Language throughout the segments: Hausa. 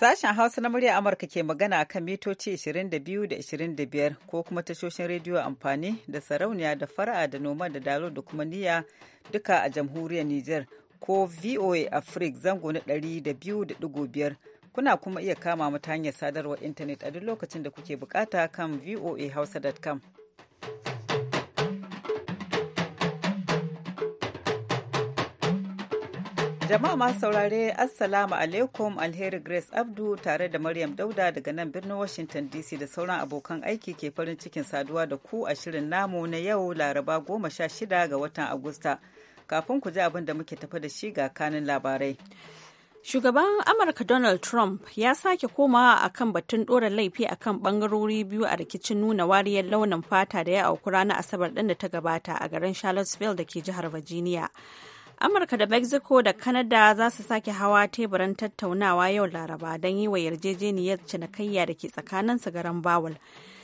Sashen Hausa na murya Amurka ke magana kan mitoci 22 da 25 ko kuma tashoshin rediyo amfani da sarauniya da fara'a da noma da dalo da kuma niyya duka a jamhuriyar Nijar ko VOA Africa zango na 200.5 kuna kuma iya kama mata hanyar sadarwar intanet a duk lokacin da kuke bukata kan voahausa.com. Jama'a masu saurare Assalamu alaikum Alheri Grace Abdu tare da Maryam Dauda daga nan birnin Washington DC da sauran abokan aiki ke farin cikin saduwa da ku a shirin namu na yau Laraba goma sha shida ga watan Agusta. Kafin ku ji abin da muke tafa da shi ga kanin labarai. Shugaban Amurka Donald Trump ya sake komawa a kan batun ɗora laifi a kan ɓangarori biyu a rikicin nuna wariyar launin fata da ya auku ranar Asabar ɗin da ta gabata a garin Charlottesville da ke jihar Virginia. amurka da mexico da kanada za su sake hawa teburin tattaunawa yau laraba don yi wa yarjejeniyar cinikayya da ke tsakanin su garan bawal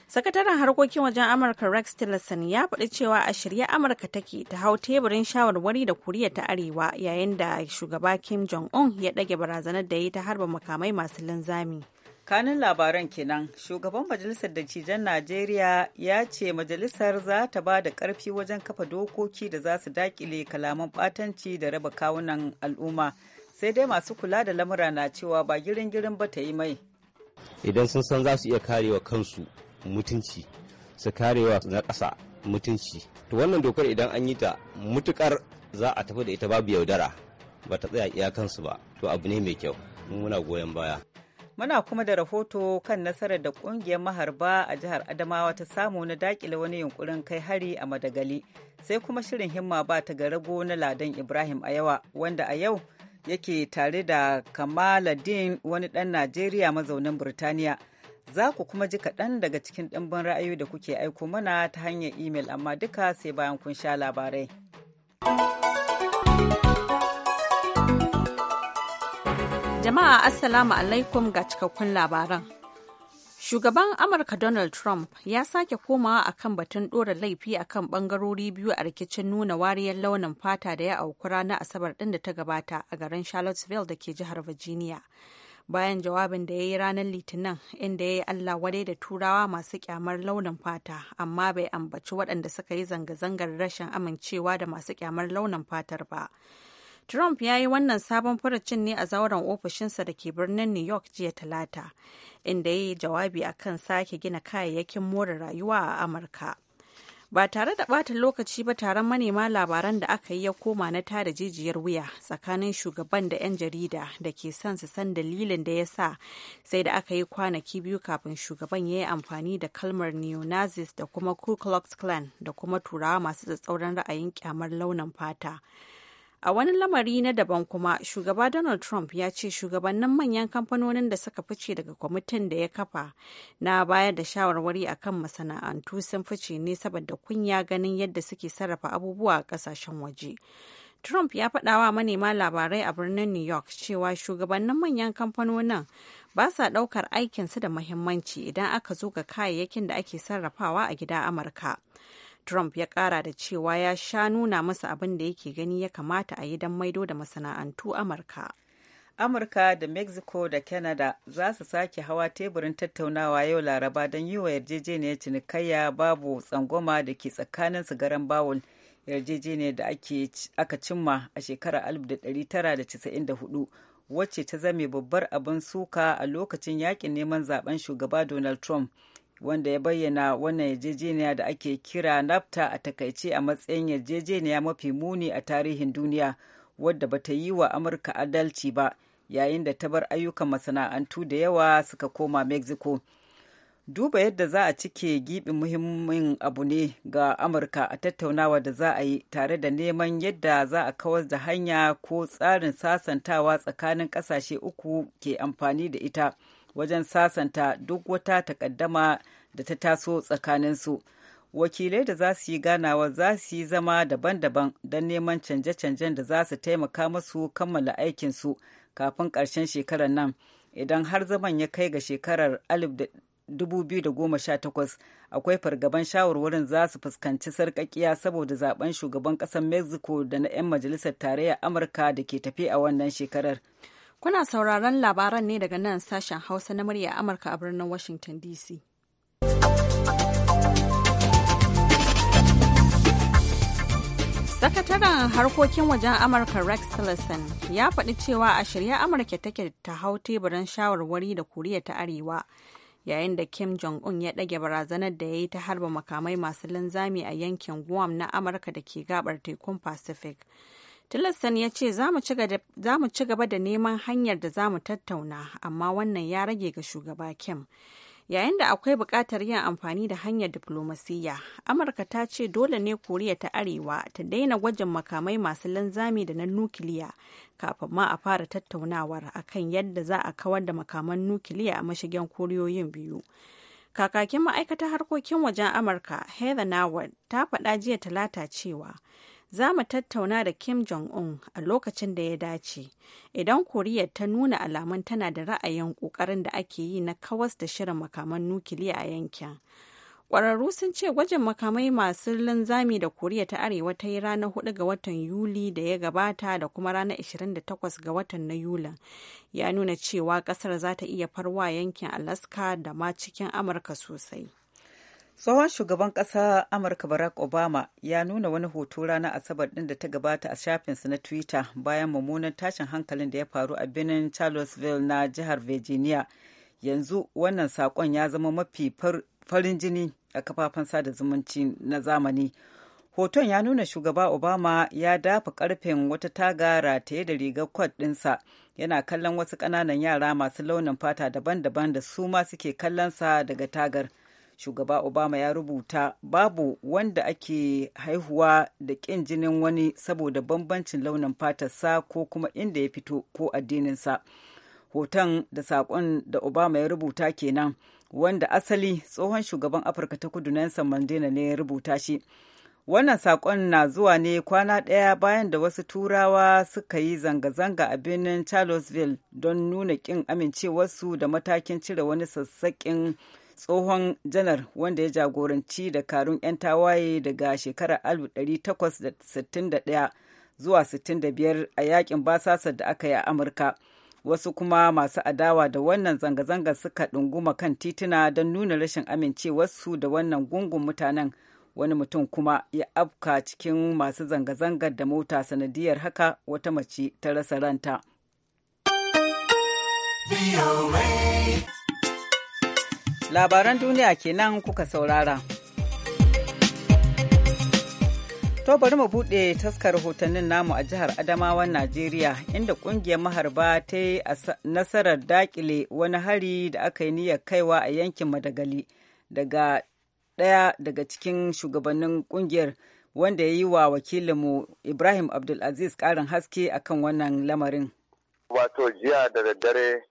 sakataren harkokin wajen amurka rex tillerson ya faɗi cewa a shirye amurka take ta hau teburin shawarwari da koriya ta arewa yayin da shugaba kim jong-un ya ɗage barazanar da ya ta harba makamai masu linzami kanin labaran kenan shugaban majalisar dattijan najeriya ya ce majalisar za ta ba da karfi wajen kafa dokoki da za su dakile kalaman batanci da raba kawunan al'umma sai dai masu kula da lamura na cewa ba girin girin ba ta yi mai idan sun san za su iya karewa kansu mutunci su karewa na ƙasa mutunci to wannan dokar idan an yi ta mutukar za a tafi da ita babu yaudara ba ta tsaya kansu ba to abu ne mai kyau muna goyon baya Muna kuma da rahoto kan nasarar da kungiyar maharba a jihar Adamawa ta samu na dakile wani yunkurin kai hari a Madagali. Sai kuma shirin himma ba ta rago na Ladan Ibrahim a yawa wanda a yau yake tare da Kamaladin wani ɗan Najeriya mazaunin birtaniya Za ku kuma ji kaɗan daga cikin ɗimbin ra'ayoyi da kuke aiko mana ta hanyar imel amma duka sai bayan kun sha labarai. Jama'a Assalamu alaikum ga cikakkun labaran. Shugaban Amurka Donald Trump ya sake komawa akan batun ɗora laifi akan ɓangarori biyu a rikicin nuna wariyar launin fata da ya auku ranar Asabar ɗin da ta gabata a garin Charlottesville da ke jihar Virginia. Bayan jawabin da ya yi ranar Litinin inda ya yi Allah wadai da turawa masu kyamar launin fata amma bai ambaci waɗanda suka yi zanga-zangar rashin amincewa da masu kyamar launin fatar ba. Trump ya yi wannan sabon furucin ne a zauren ofishinsa da ke birnin New York jiya Talata, inda ya yi jawabi a kan sake gina kayayyakin more rayuwa a Amurka. Ba tare da ɓata lokaci ba taron manema labaran da aka yi ya koma na tada jijiyar wuya tsakanin shugaban da 'yan jarida da ke son su san dalilin da ya sa sai da aka yi kwanaki biyu kafin shugaban ya yi amfani da kalmar neo-nazis da kuma ku klux klan da kuma turawa masu tsatsauran ra'ayin kyamar launin fata. A wani lamari na daban kuma, shugaba Donald Trump ya ce shugabannin manyan kamfanonin da suka fice daga kwamitin da ya kafa na bayar da shawarwari akan masana'antu sun fice ne saboda kunya ganin yadda suke sarrafa abubuwa a kasashen waje. Trump ya faɗa wa manema labarai a birnin New York cewa shugabannin manyan kamfanonin ba sa ɗaukar aikinsu da muhimmanci idan aka zo ga kayayyakin da ake sarrafawa a gida Amurka. Trump ya kara da cewa ya sha nuna masa abin da yake gani ya kamata a yi don maido da masana'antu Amurka. Amurka da Mexico da Canada za su sake hawa teburin tattaunawa yau Laraba don yi wa yarjejeniyar cinikayya babu tsangwama da ke tsakanin su garan bawul yarjejeniyar da aka cimma a shekarar 1994 wacce ta zame babbar abin suka a lokacin yakin neman zaben shugaba Donald Trump. wanda ya bayyana wannan yarjejeniya da ake kira nafta a takaice a matsayin yarjejeniya mafi muni a tarihin duniya wadda bata yi wa amurka adalci ba yayin da ta bar ayyukan masana'antu da yawa suka koma mexico duba yadda za a cike gibin muhimmin abu ne ga amurka a tattaunawa da za a yi tare da neman yadda za a kawar da hanya ko tsarin sasantawa tsakanin ƙasashe uku ke amfani da ita wajen sasanta duk wata takaddama da ta taso tsakaninsu. Wakilai da za su yi ganawa za su yi zama daban-daban don neman canje-canjen da za su taimaka masu kammala aikinsu kafin ƙarshen shekarar nan. Idan har zaman ya kai ga shekarar 2018 akwai fargaban shawarwarin za su fuskanci sarƙaƙƙiya saboda zaben shugaban ƙasar mexico da na 'yan majalisar tarayyar amurka da ke tafi a wannan shekarar Kuna sauraron labaran ne daga nan sashen Hausa na murya Amurka a birnin Washington DC. Sakataren harkokin wajen Amurka Rex Tillerson ya faɗi cewa a shirya Amurka take ta hau teburin shawarwari da Koriya ta Arewa yayin da Kim Jong-un ya ɗage barazanar da ya yi ta harba makamai masu linzami a yankin Guam na Amurka da ke gabar tekun Pacific. Tillerson ya ce za mu ci gaba da neman hanyar da za mu tattauna, amma wannan ya rage ga shugaba Kim. Yayin da akwai buƙatar yin amfani da hanyar diflomasiyya, Amurka ta ce dole ne Koriya ta Arewa ta daina gwajin makamai masu linzami da na nukiliya kafin ma a fara tattaunawar akan yadda za a kawar da makaman nukiliya a mashigan koriyoyin biyu. Kakakin ma'aikatar harkokin wajen Amurka, Heather Nauert, ta faɗa jiya talata cewa za mu tattauna da Kim Jong-un a lokacin da ya dace, idan Koriya ta nuna alamun tana da ra'ayin ƙoƙarin da ake yi na kawas da shirin makaman nukiliya a yankin. Ƙwararru sun ce gwajin makamai masu linzami da Koriya ta Arewa ta yi ranar 4 ga watan Yuli da ya gabata da kuma ranar 28 ga watan na Yulin ya nuna cewa ƙasar za ta iya farwa yankin Alaska da ma cikin Amurka sosai. tsohon shugaban ƙasa amurka barack obama ya nuna wani hoto ranar asabar ɗin da ta gabata a shafinsa na twitter bayan mummunan tashin hankalin da ya faru a birnin charlottesville na jihar virginia yanzu wannan saƙon ya zama mafi farin jini a kafafen sada zumunci na zamani hoton ya nuna shugaba obama ya dafa karfin wata taga rataye da rigar kwad ɗinsa yana kallon wasu ƙananan yara masu launin fata daban-daban da su ma suke kallonsa daga tagar shugaba obama ya rubuta babu wanda ake haihuwa da ƙin jinin wani saboda bambancin launin fatarsa ko kuma inda ya fito ko addininsa hoton da saƙon da obama ya rubuta kenan wanda asali tsohon shugaban afirka ta kudu nelson mandela ne ya rubuta shi wannan saƙon na zuwa ne kwana ɗaya bayan da wasu turawa suka yi zanga-zanga a birnin charlottesville don nuna ƙin amincewarsu da matakin cire wani sassaƙin tsohon janar wanda ya jagoranci dakarun 'yan tawaye daga shekarar 1861 zuwa 65 a yakin basasar da aka yi a amurka wasu kuma masu adawa da wannan zanga-zangar suka ɗunguma kan tituna don nuna rashin amincewarsu da wannan gungun mutanen wani mutum kuma ya afka cikin masu zanga-zangar da mota sanadiyar haka wata mace ta rasa ranta. Labaran duniya kenan kuka saurara. To bari mu buɗe taskar rahotannin namu a jihar Adamawan Najeriya inda ƙungiyar maharba ta yi nasarar dakile wani hari da aka yi niyyar kaiwa a yankin Madagali daga ɗaya daga cikin shugabannin ƙungiyar wanda ya yi wa wakilinmu Ibrahim Abdulaziz ƙarin haske akan wannan lamarin. Wato jiya da daddare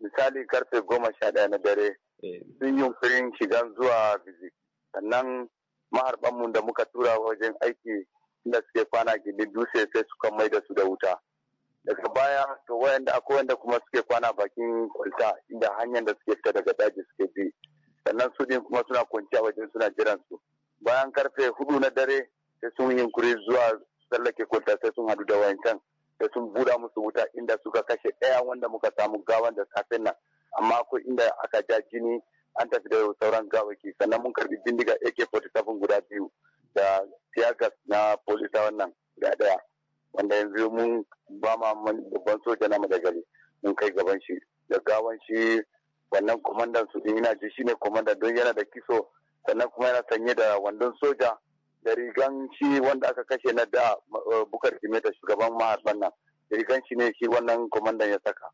misali karfe goma sha ɗaya na dare sun yi yunkurin shigan zuwa gizi sannan maharbanmu da muka tura wajen aiki inda suke kwana gindin dutse sai suka mai da su da wuta daga baya to wayanda akwai wanda kuma suke kwana bakin kwalta inda hanyar da suke fita daga daji suke bi sannan su din kuma suna kwanciya wajen suna jiran su bayan karfe hudu na dare sai sun yunkuri zuwa sallake kwalta sai sun hadu da wayancan sai sun buda musu wuta inda suka kashe ɗaya wanda muka samu gawan da safen nan amma ko inda aka ja jini an tafi da sauran gawaki sannan mun karbi bindiga AK47 guda biyu da tiyagas na polisa wannan ga daya wanda yanzu mun ba ma babban soja na madagali mun kai gaban shi da gawan shi wannan kwamandan su din yana ji ne kwamandan don yana da kiso sannan kuma yana sanye da wandon soja da rigan shi wanda aka kashe na da eh, bukar kimeta shugaban mahar nan da rigan shi ne shi wannan kwamandan ya saka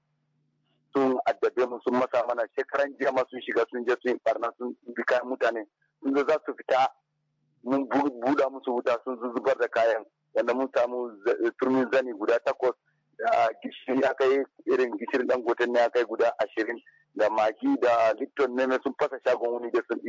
sun addabe mu sun masa mana shekaran jiya ma sun shiga sun je sun barna sun bi kayan mutane sun zo za su fita mun buɗa musu wuta sun zubar da kayan yadda mun samu turmin zani guda takwas da gishiri ya kai irin gishirin dangoten ne ya kai guda ashirin da magi da lipton ne sun fasa shagon wuni da sun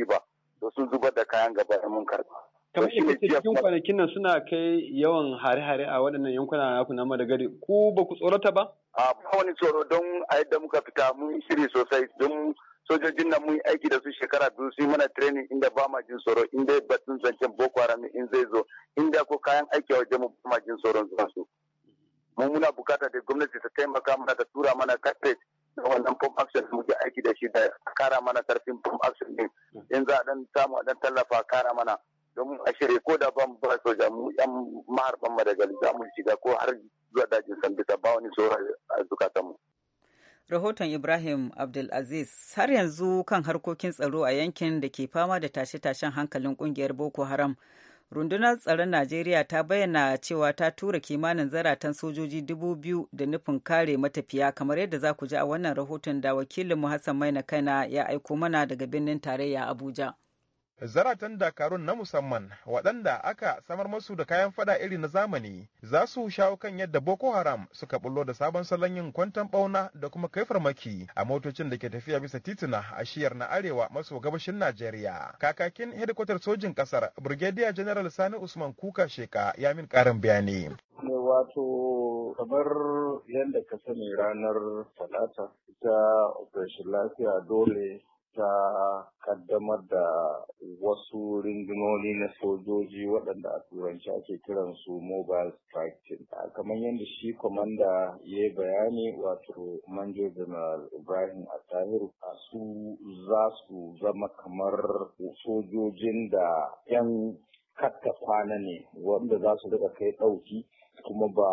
to sun zubar da kayan gaba mun karba. kamar yadda ce cikin kwanakin nan suna kai yawan hare-hare a waɗannan yankuna naku na Madagari ku ba ku tsorata ba? A ba wani tsoro don a yadda muka fita mun shiri sosai don sojojin nan mun aiki da su shekara biyu su yi mana training inda ba ma jin tsoro inda sun zancen boko haram in zai zo inda ko kayan aiki a waje mu ba ma jin tsoron zuwa su. Mun muna bukata da gwamnati ta taimaka mana ta tura mana cartridge wannan pump action da muke aiki da shi da kara mana karfin pump action din. Yanzu hmm. a dan samu a dan tallafa kara mana. don a shirye ko da ban ba soja mu yan maharban madagali za mu shiga ko har zuwa dajin sambisa ba wani tsoro a zukatan mu. Rahoton Ibrahim Abdulaziz har yanzu kan harkokin tsaro a yankin da ke fama da tashe-tashen hankalin kungiyar Boko Haram. Rundunar tsaron Najeriya ta bayyana cewa ta tura kimanin zaratan sojoji dubu biyu da nufin kare matafiya kamar yadda za ku ji a wannan rahoton da wakilinmu Hassan Maina Kaina ya aiko mana daga birnin tarayya Abuja. zaratan dakarun na musamman waɗanda aka samar masu da kayan fada iri na zamani za su shawo kan yadda boko haram suka bullo da sabon salon yin kwantan bauna da kuma kai farmaki a motocin da ke tafiya bisa tituna a shiyar na arewa maso gabashin najeriya kakakin hedikwatar sojin ƙasar Birgediya general sani usman kuka sheka ya min ƙarin bayani wato kamar yadda ka sani ranar talata ita operation lafiya dole ta kaddamar da wasu rundunoni na sojoji waɗanda a turanci ake kiran su mobile strike team kamar yadda shi kwamanda ya bayani wato manjo general ibrahim Atahiru, a su za su zama kamar sojojin da 'yan katta kwana ne wanda za su daga kai ɗauki kuma ba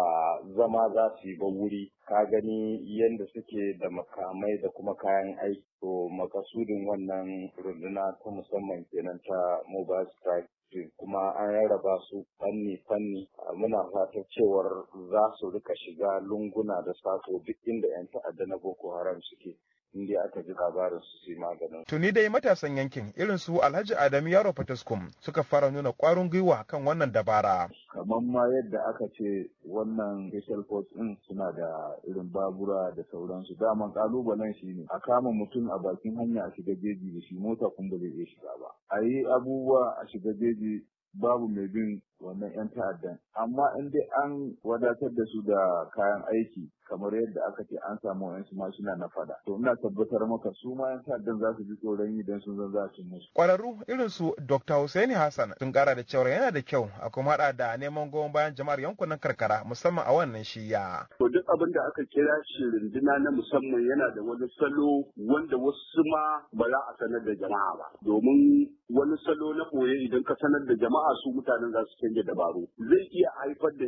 zama za su yi ba wuri ka gani yadda suke da makamai da kuma kayan aiki to makasudin wannan runduna ta musamman kenan ta mobile strike kuma an rarraba su fanni-fanni muna fatan cewar za su rika shiga lunguna da sako duk inda 'yan ta'adda na boko haram suke inda dai aka ji labarin su sai maganin. Tuni dai matasan yankin irin su Alhaji Adamu Yaro Fataskum suka fara nuna ƙwarin gwiwa kan wannan dabara. Kamar ma yadda aka ce wannan special force din suna da irin babura da sauransu daman kalubalen shi ne a kama mutum a bakin hanya a shiga jeji da shi mota kun ba zai iya shiga ba. A yi abubuwa a shiga jeji babu mai bin wannan 'yan ta'addan amma in dai an wadatar da su da kayan aiki kamar yadda aka ce an samu wayansu mashina na fada to ina tabbatar maka su ma 'yan ta'addan za su ji tsoron yi don sun zan za su musu kwararru irin su dr Hussaini hassan sun kara da cewa yana da kyau a kuma haɗa da neman goyon bayan jama'ar yankunan karkara musamman a wannan shiya to duk abin da aka kira shi jina na musamman yana da wani salo wanda wasu ma ba za a sanar da jama'a ba domin wani salo na koye idan ka sanar da jama'a jama'a su mutanen za su canja dabaru zai iya haifar da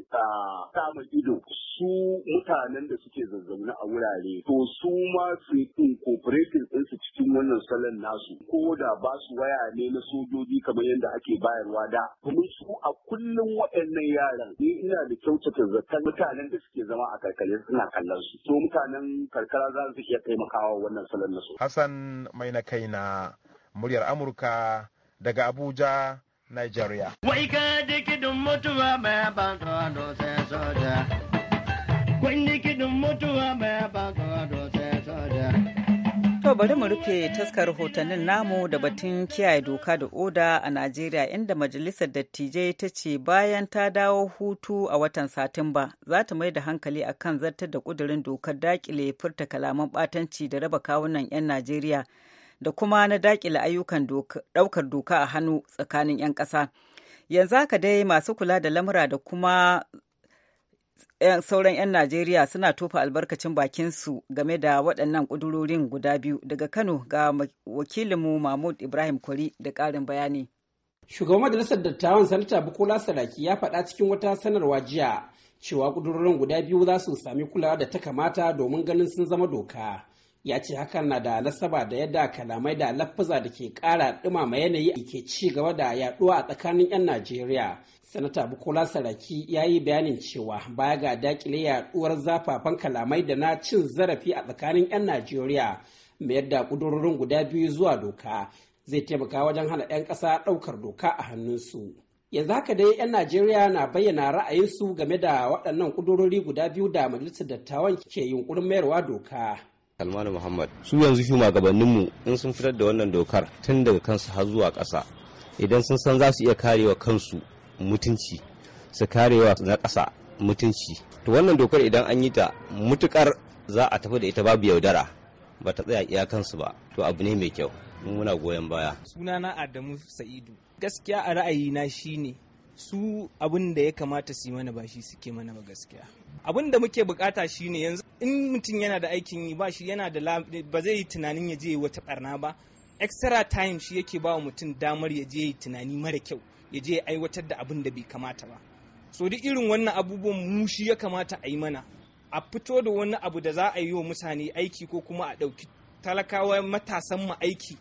samun ido su mutanen da suke zazzauna a wurare to su ma su incorporating ɗinsu cikin wannan salon nasu ko da ba su waya ne na sojoji kamar yadda ake bayarwa da kuma su a kullum waɗannan yaran ne ina da kyautata zaton mutanen da suke zama a karkare suna kallon su to mutanen karkara za su iya taimakawa wannan salon nasu Hassan mai na kai na muryar Amurka daga Abuja Nigeria. Wai To bari mu rufe taskar rahotannin namu da batun kiyaye doka da oda a Najeriya inda Majalisar Dattijai ta ce bayan ta dawo hutu a watan Satumba za ta mai da hankali akan kan zartar da kudurin dokar dakile furta kalaman batanci da raba kawunan 'yan Najeriya da kuma na dakile ayyukan ɗaukar doka a hannu tsakanin 'yan ƙasa. Yanzu haka dai masu kula da lamura da kuma eh, sauran 'yan Najeriya suna tofa albarkacin bakinsu game da waɗannan ƙudurorin guda biyu daga Kano ga wakilinmu Mahmud Ibrahim kori da ƙarin bayani. Shugaban Majalisar Dattawan Sanata Bukola Saraki ya faɗa cikin wata sanarwa jiya cewa ƙudurorin guda biyu za su sami kulawa da ta kamata domin ganin sun zama doka. ya ce hakan na da nasaba da yadda kalamai da lafaza da ke ƙara dumama yanayi ke ci gaba da yaduwa a tsakanin 'yan Najeriya. Sanata Bukola Saraki ya yi bayanin cewa baya ga dakile yaduwar zafafan kalamai da na cin zarafi a tsakanin 'yan Najeriya mai yadda ƙudurorin guda biyu zuwa doka zai taimaka wajen hana 'yan ƙasa ɗaukar doka a hannunsu. yanzu haka dai 'yan najeriya na bayyana ra'ayinsu game da waɗannan ƙudurori guda biyu da majalisar dattawan ke yunkurin mayarwa doka Salmanu Muhammad su yanzu shugabanninmu in sun fitar da wannan dokar tun daga kansu har zuwa ƙasa idan sun san za su iya karewa kansu mutunci su karewa na ƙasa mutunci to wannan dokar idan an yi ta mutukar za a tafi da ita babu yaudara ba ta tsaya kansu ba to abu ne mai kyau muna goyon baya sunana Adamu Sa'idu gaskiya a ra'ayina shine su abin da ya kamata su yi mana ba shi suke mana ba gaskiya abin da muke bukata shine yanzu in mutum yana da aikin yi ba shi yana da ba zai yi tunanin ya je wata barna ba extra time shi yake ba wa mutum damar ya je tunani mara kyau ya je aiwatar da abin da bai kamata ba so duk irin wannan abubuwan mu shi ya kamata a yi mana a fito da wani abu da za a yi wa mutane aiki ko kuma a ɗauki talakawa matasan mu aiki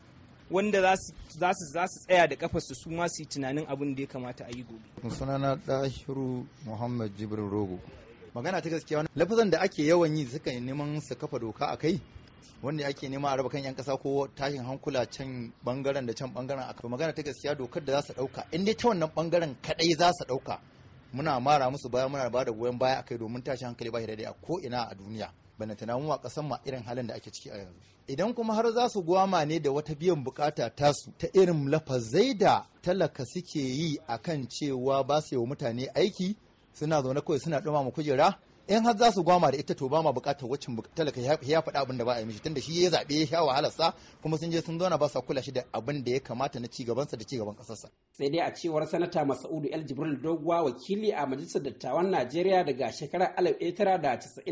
wanda za su tsaya da kafa su ma su yi tunanin abin da ya kamata a yi gobe. na Dahiru Muhammad Jibrin Rogo. Magana ta gaskiya wani lafazan da ake yawan yi suka neman su kafa doka a kai wanda ake nema a raba kan 'yan kasa ko tashin hankula can bangaren da can bangaren a magana ta gaskiya dokar da za su dauka in dai ta wannan bangaren kadai za su dauka muna mara musu baya muna ba da goyon baya a kai domin tashin hankali ba shi daidai a ko ina a duniya bana tunanin wa kasan ma irin halin da ake ciki a yanzu idan kuma har za su gwama ne da wata biyan bukata tasu ta irin lafazai da talaka suke yi a kan cewa ba su yi wa mutane aiki suna zaune kawai suna ma kujera in har za su gwama da ita to ba ma bukatar wacin talaka ya faɗa abin da ba a yi mishi tunda shi ya zaɓe ya sha sa kuma sun je sun zauna ba sa kula shi da abin da ya kamata na sa da cigaban ƙasarsa. sai dai a cewar sanata masaudu el jibril doguwa wakili a majalisar dattawan najeriya daga shekarar alif da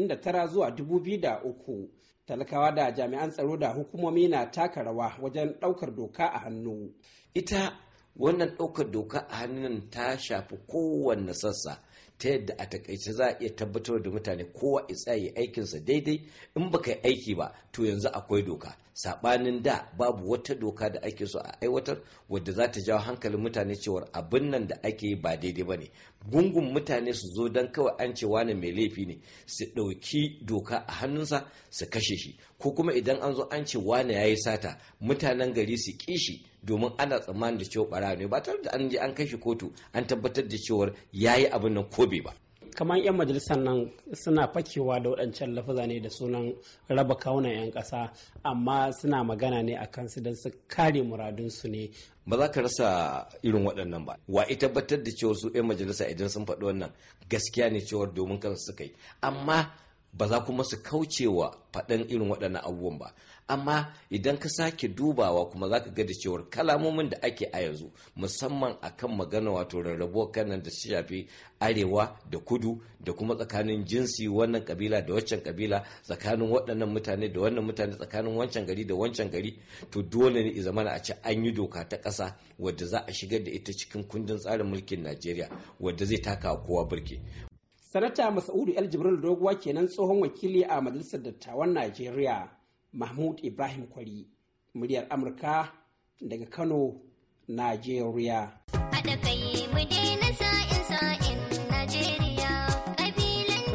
da tara zuwa dubu biyu da uku talakawa da jami'an tsaro da hukumomi na taka rawa wajen ɗaukar doka a hannu ita wannan ɗaukar doka a hannun ta shafi kowanne sassa ta yadda a takaice za a iya tabbatar da mutane kowa ya tsaye aikinsa daidai in ba ka yi aiki ba to yanzu akwai doka Saɓanin da babu wata doka da ake so a aiwatar wadda za ta jawo hankalin mutane cewar abin nan da ake yi ba daidai ba ne gungun mutane su zo don kawai an ce wani mai laifi ne su ɗauki doka a hannunsa su kashe shi ko kuma idan an zo an ce wani ya yi sata mutanen gari su ƙi shi domin ana tsammanin da cewa bara ne ba tare da an je an kai shi kotu an tabbatar da cewar yi abin nan ko bai ba kamar 'yan majalisar nan suna fakewa da waɗancan lafaza ne da sunan raba kawunan 'yan ƙasa amma suna magana ne a kansu don su kare muradunsu ne ba za ka rasa irin waɗannan ba wa ita tabbatar da cewa su 'yan majalisa idan sun faɗi wannan gaskiya ne cewar domin kansu suka yi amma ba za kuma su kauce wa faɗan irin waɗannan abubuwan ba amma idan ka sake dubawa kuma za ka ga da cewar kalamomin da ake a yanzu musamman a kan magana wato rarrabuwar kanan da su shafi arewa da kudu da kuma tsakanin jinsi wannan kabila da waccan kabila tsakanin waɗannan mutane da wannan mutane tsakanin wancan gari da wancan gari to dole ne a ce an yi doka ta ƙasa wadda za a shigar da ita cikin kundin tsarin mulkin najeriya wadda zai taka kowa birki sanata masaudu el jibril doguwa kenan tsohon wakili a majalisar dattawan najeriya mahmud ibrahim kwari muryar amurka daga kano najeriya haɗa kai mu daina sa'in sa'in najeriya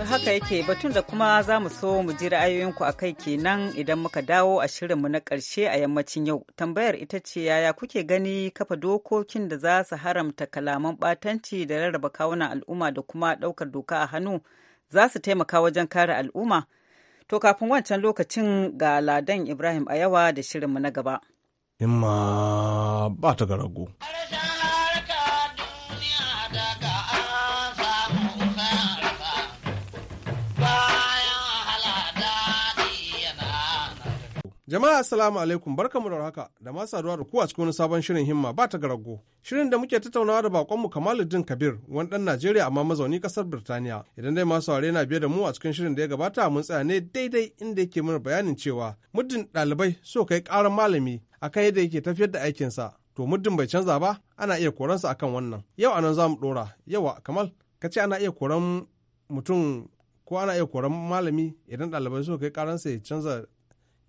haka yake batun da kuma za mu so mu ji ra'ayoyinku a kai kenan idan muka dawo a mu na ƙarshe a yammacin yau tambayar ita ce yaya kuke gani kafa dokokin da za su haramta kalaman ɓatanci da rarraba kawunan al'umma da kuma ɗaukar doka a hannu za su taimaka wajen kare al'umma to kafin wancan lokacin ga ladan ibrahim a yawa da shirinmu na gaba imma ba ta garago Jama'a assalamu alaikum barkamu da haka da masu saduwa da ku cikin wani sabon shirin himma ba ta garago. Shirin da muke tattaunawa da bakonmu Kamaluddin Kabir wani dan Najeriya amma mazauni kasar Birtaniya. Idan dai masu saurare na biye da mu a cikin shirin da ya gabata mun tsaya ne daidai inda yake mana bayanin cewa muddin ɗalibai so kai ƙaran malami akan yadda yake tafiyar da aikinsa. To muddin bai canza ba ana iya koransa akan wannan. Yau anan za mu ɗora. Yawa Kamal ka ce ana iya koran mutum ko ana iya koran malami idan ɗalibai so kai ƙaransa ya canza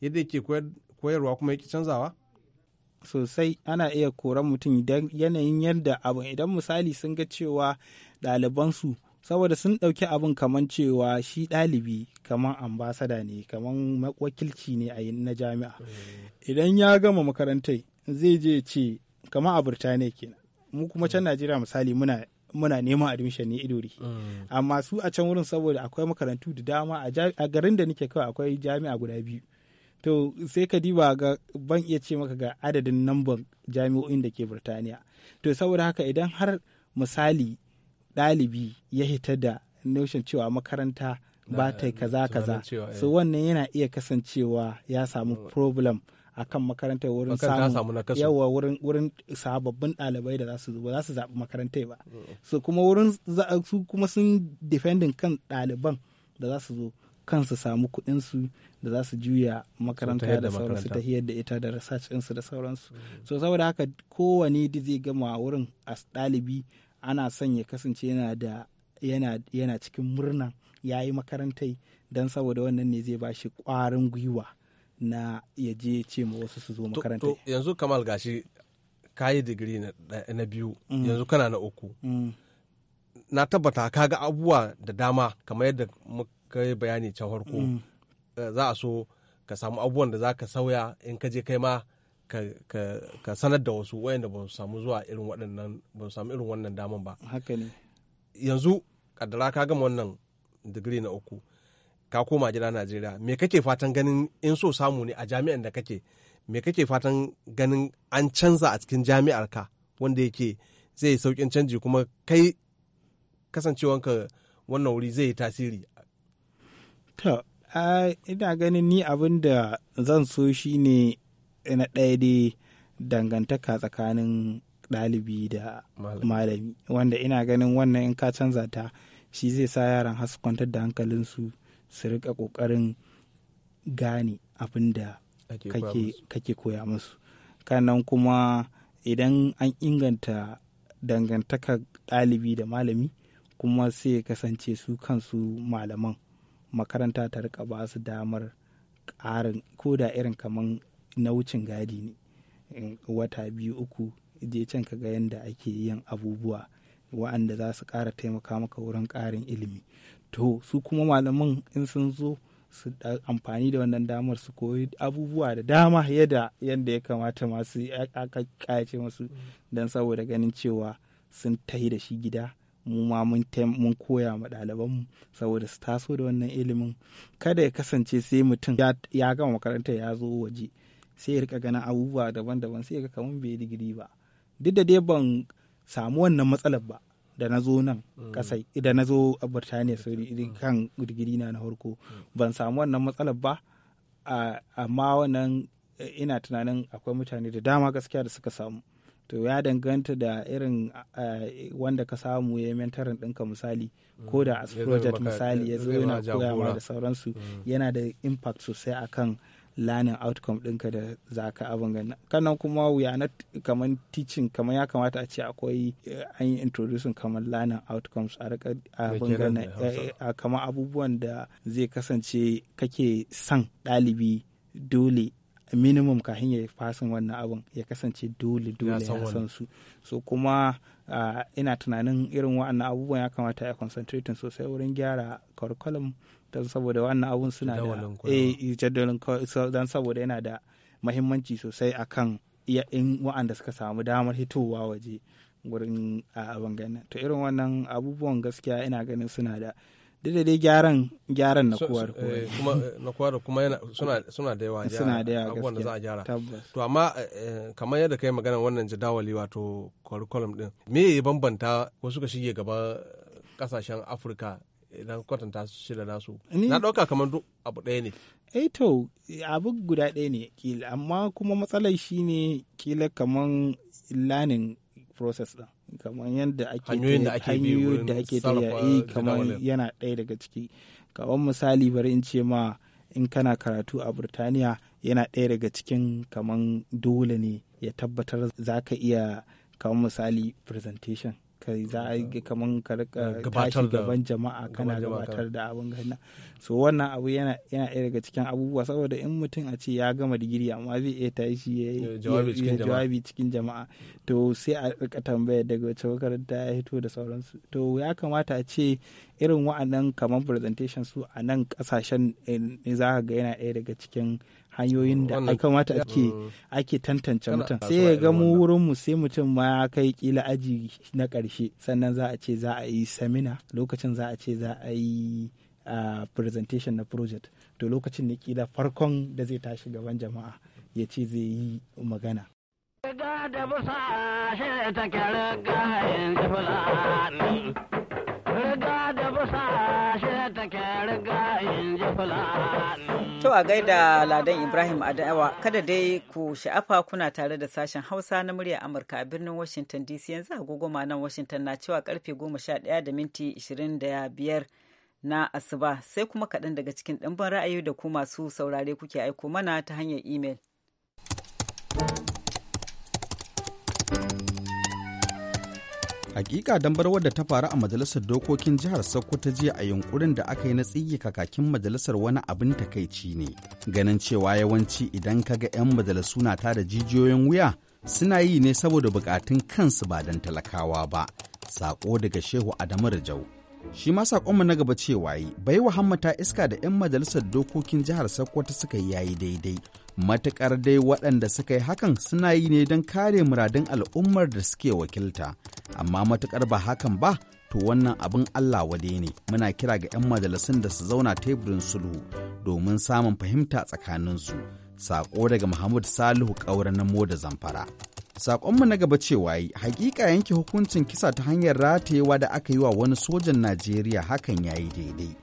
yadda ke koyarwa kuma yake canzawa sosai ana iya koran mutum yanayin yadda abu idan misali sun ga cewa ɗalibansu saboda sun ɗauki abin kamar cewa shi ɗalibi kaman ambasada ne kaman wakilci ne a na jami'a idan ya gama makarantai zai je ce kaman a birtaniya kenan mu kuma can najeriya misali muna muna neman admission ne idori mm. amma su a can wurin saboda akwai makarantu da dama a garin da nake kawai akwai jami'a guda biyu to sai ka diba ga ban iya ce maka ga adadin namban jami'o'in da ke birtaniya to saboda haka idan har misali ɗalibi ya hita da notion cewa makaranta ba ta kaza kaza eh. so wannan yana iya kasancewa ya samu problem a kan makarantar wurin samu yawa wurin sababbin ɗalibai da za su ba za su zaɓi makarantar ba mm. so kuma wurin su kuma sun defending kan ɗaliban da za su zo kansu samu kuɗinsu da za su juya makaranta da sauransu ta hiyar da ita da research ɗinsu da sauransu mm. so saboda haka kowane da zai gama wurin a ɗalibi ana son ya kasance yana da yana cikin murna ya yi makarantai don saboda wannan ne zai ba shi ƙwarin gwiwa na ya je ce ma wasu su zo makaranta yanzu kamal gashi ka yi digiri na biyu mm. yanzu kana na uku mm. na tabbata ka ga abubuwa da dama kamar yadda ka yi bayani can farko mm. eh, za a so ka samu abubuwan da za ka sauya in ka je kai ma ka sanar da wasu wayanda ba su samu zuwa irin waɗannan ba samu irin wannan daman ba haka ne yanzu kaddara ka gama wannan digiri na uku ka koma gida Najeriya me kake fatan ganin in so samu ne a jami'an da kake me kake fatan ganin an canza a cikin jami'ar ka wanda yake zai saukin canji kuma kai kasancewanka wannan wuri zai yi tasiri To, ina ganin ni abin da zan so shi ne na ɗaya dai dangantaka tsakanin ɗalibi da malami wanda ina ganin wannan in ka canza ta shi zai sa yaran hasu kwantar da hankalinsu su rika ƙoƙarin gane abin da kake koya musu kanan kuma idan an inganta dangantaka ɗalibi da malami kuma sai kasance su kansu malaman makaranta ta rika ba su damar ƙarin ko da irin kamar na wucin gadi ne wata biyu uku je can ka ga yadda ake yin abubuwa wa'anda za su ƙara taimaka maka wurin ƙarin ilimi to su kuma malaman in sun zo su amfani da wannan damar su koyi abubuwa da dama yadda yadda ya kamata masu aka ce masu mm. don saboda ganin cewa sun tahi da shi gida mu ma mun koya ma ɗalibanmu saboda su taso da wannan ilimin kada ya kasance sai mutum ya gama makaranta ya zo waje sai ya rika ganin abubuwa daban-daban sai ya ga kamar bai digiri ba duk da dai ban samu wannan matsalar ba da na zo nan kasai mm. da na zo a irin mm. kan digiri na na farko mm. ban samu wannan matsalar ba amma wannan eh, ina tunanin akwai mutane da dama gaskiya da suka samu to ya danganta da irin eh, wanda ka samu ya mentarin ɗinka misali mm. ko da as project misali ya zo yana koyawa da sauransu mm. yana da impact sosai akan learning outcome ɗinka da za ka abin gani kannan kuma wuya na kamar teaching kamar ya kamata a ce akwai eh, an yi introducing kamar learning outcomes a rika abin gani eh, kamar abubuwan da zai kasance kake son ɗalibi dole minimum kafin ya fasin wannan abin ya kasance dole dole ya san su so kuma ina tunanin irin wa'annan abubuwan ya kamata ya concentrating sosai wurin gyara curriculum don saboda wannan abun suna da eh, eh don saboda yana da mahimmanci sosai akan in wa'anda suka samu damar hitowa waje wurin a abin ganin to irin wannan abubuwan gaskiya ina ganin suna da duk da dai gyaran gyaran na kuwar eh, kuma eh, na da kuma yana suna da yawa suna da yawa abubuwan da za a gyara to amma eh, kamar yadda kai magana wannan jadawali wato curriculum din me ya bambanta ko suka shige gaba kasashen Afirka idan kwatanta shi da nasu na dauka kamar duk abu ɗaya ne eh to abu guda ɗaya ne kila amma kuma matsalar shine kila kamar lanin process din kamar yadda ake hanyoyin da ake yi eh, kamar yana ɗaya daga ciki kamar misali bari in ce ma in kana karatu a burtaniya yana ɗaya daga cikin kamar dole ne ya tabbatar za ka iya kamar misali presentation kai za a yi kaman ka rika eh, tashi gaban jama'a kana gabatar da abin gani so wannan abu yana yana ɗaya daga cikin abubuwa saboda in mutum a ce ya gama digiri amma zai iya tashi ya yi eh, jawabi cikin jama'a to sai a rika tambaya daga wacce makaranta ya hito da sauransu to ya kamata a ce irin wa'annan kamar presentation su a nan kasashen eh, ne za ka ga yana ɗaya daga cikin hanyoyin da aka kamata ake tantance mutum sai ya ga mu wurin mu sai mutum ma ya kai kila aji na karshe sannan za a ce za a yi samina lokacin za a ce za a yi presentation na project to lokacin ne kila farkon da zai tashi gaban jama'a ya ce zai yi magana Riga da busa shi ta riga da To a gaida Ladan Ibrahim Adawa, kada dai ku sha'afa kuna tare da sashen Hausa na murya Amurka a birnin Washington DC yanzu agogoma nan Washington na cewa karfe 11 da minti 25 na asuba sai kuma kaɗan daga cikin ɗimbin ra'ayi da ku masu saurare kuke aiko mana ta hanyar imel. Hakika dambar da ta faru a majalisar dokokin jihar Sokoto jiya a yunkurin da aka yi na tsige kakakin majalisar wani abin takaici ne. Ganin cewa yawanci idan ka ga 'yan majalisu na tada jijiyoyin wuya suna yi ne saboda bukatun kansu ba don talakawa ba. Sako daga Shehu Adamu Rajau. Shi ma mu na gaba cewa yi, bai wa hammata iska da 'yan majalisar dokokin jihar Sokoto suka yi yayi daidai. matuƙar dai waɗanda suka yi hakan suna yi ne don kare muradun al'ummar da suke wakilta amma matukar ba hakan ba to wannan abin Allah wade ne muna kira ga 'yan majalisun da su zauna teburin sulhu domin samun fahimta tsakaninsu saƙo daga Muhammad Salihu ƙaura na Moda Zamfara. Saƙonmu na gaba cewa yi hakika yanke hukuncin kisa ta hanyar ratayewa da aka yi wa wani sojan Najeriya hakan ya yi daidai.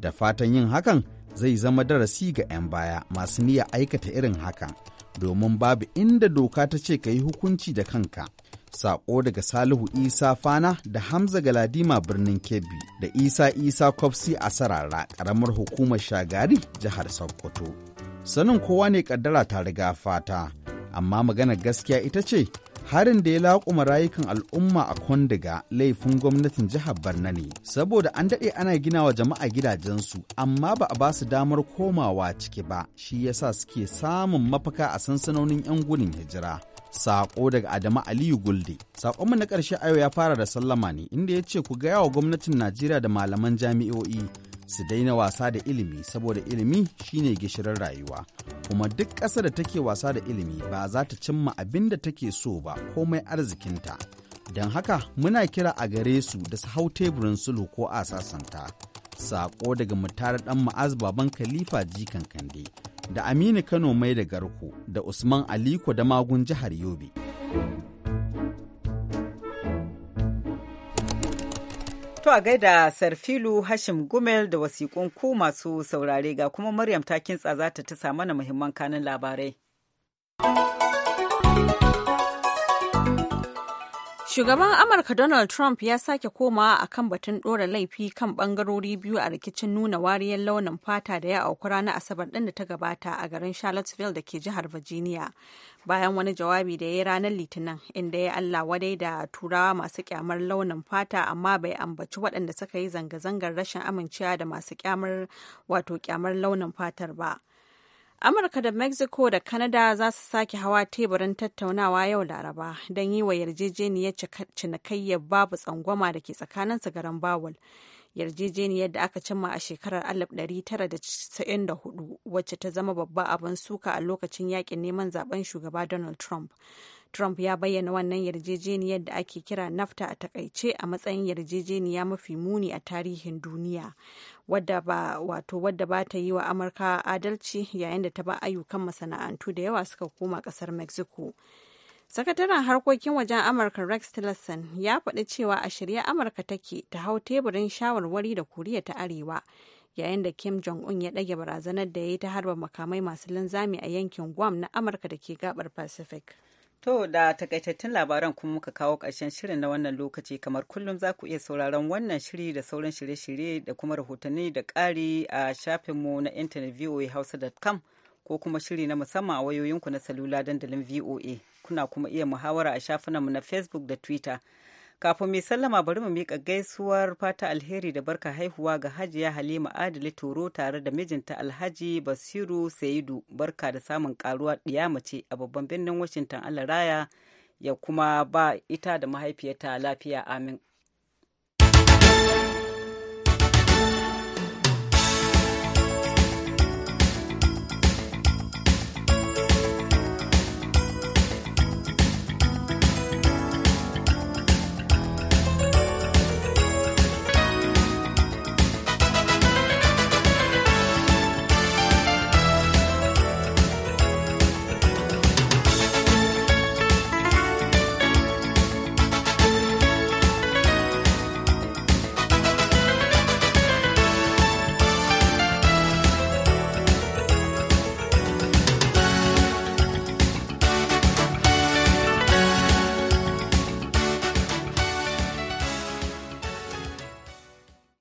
Da fatan yin hakan zai zama darasi ga 'yan baya masu niyya aikata irin haka domin babu inda doka ta ce ka yi hukunci da kanka. Saƙo daga Salihu Isa Fana da Hamza Galadima birnin Kebbi da Isa Isa Kwafsi a Sarara ƙaramar hukumar Shagari jihar Sokoto. Sanin kowa ne ƙaddara ta riga fata, amma maganar gaskiya ita ce harin da ya laƙuma rayukan al'umma a kwandiga laifin gwamnatin jihar barna ne saboda an daɗe ana gina wa jama'a gidajensu amma ba a ba su damar komawa ciki ba shi yasa suke samun mafaka a sansanonin 'yan gudun hijira Sako daga Adamu Aliyu Gulde. Sakonmu na ƙarshe a ya fara da sallama ne inda ya ce ku gaya wa gwamnatin Najeriya da malaman jami'o'i su daina wasa da ilimi saboda ilimi shine gishirin rayuwa kuma duk ƙasa da take wasa da ilimi ba za ta cimma abin da take so ba komai arzikinta don haka muna kira a gare su da su hau teburin sulhu ko a sasanta saƙo daga mutare ɗan ma'az baban khalifa jikan kande da aminu kano mai da garko da usman aliko da magun jihar yobe To a gaida Sarfilu Hashim Gumel da wasiƙun ku masu saurare ga kuma Maryam ta kintsa za ta ta mana muhimman kanin labarai. Shugaban Amurka Donald Trump ya sake komawa a kan batun ɗora laifi kan ɓangarori biyu a rikicin nuna wariyar launin fata da ya auku ranar Asabar ɗin da ta gabata a garin Charlottesville da ke jihar Virginia. Bayan wani jawabi da ya yi ranar Litinin inda ya Allah wadai da turawa masu kyamar launin fata amma bai ambaci waɗanda suka yi zanga-zangar rashin amincewa da masu kyamar wato kyamar launin fatar ba. Amurka da Mexico da Canada za su sake hawa teburin tattaunawa yau Laraba don yi wa yarjejeniyar cinikayyar babu tsangwama da ke tsakanin garan Bawul. Yarjejeniyar da aka cimma a shekarar 1994 wacce ta zama babba abin suka a lokacin yakin neman zaben shugaba Donald Trump. Trump ya bayyana wannan yarjejeniyar da ake kira NAFTA a takaice a matsayin yarjejeniya mafi muni a tarihin duniya. Wadda ba wato wadda ba ta yi wa Amurka adalci yayin da ta ba ayyukan masana'antu da yawa suka koma kasar Mexico. Sakataren harkokin wajen Amurka Rex Tillerson ya faɗi cewa a shirye Amurka take ta hau teburin shawarwari da Koriya ta Arewa. yayin da Kim Jong-un ya ɗage barazanar da ya yi ta harba makamai masu linzami a yankin Guam na Amurka da ke gabar Pacific. To da takaitattun labaran kuma muka kawo ƙarshen shirin na wannan lokaci kamar kullum za ku iya sauraron wannan shiri da sauran shirye-shirye da kuma rahotanni da ƙari a shafinmu na intanet voahausa.com ko kuma shiri na musamman a wayoyinku na salula dandalin VOA. Kuna kuma iya muhawara a shafinanmu na Facebook da Twitter. Kafin mai sallama bari mu miƙa gaisuwar fata alheri da barka haihuwa ga Hajiya Halima Adili Toro tare da mijinta Alhaji Basiru Saidu barka da samun karuwa ɗiya mace a babban birnin Washington Allah raya ya kuma ba ita da mahaifiyarta lafiya amin.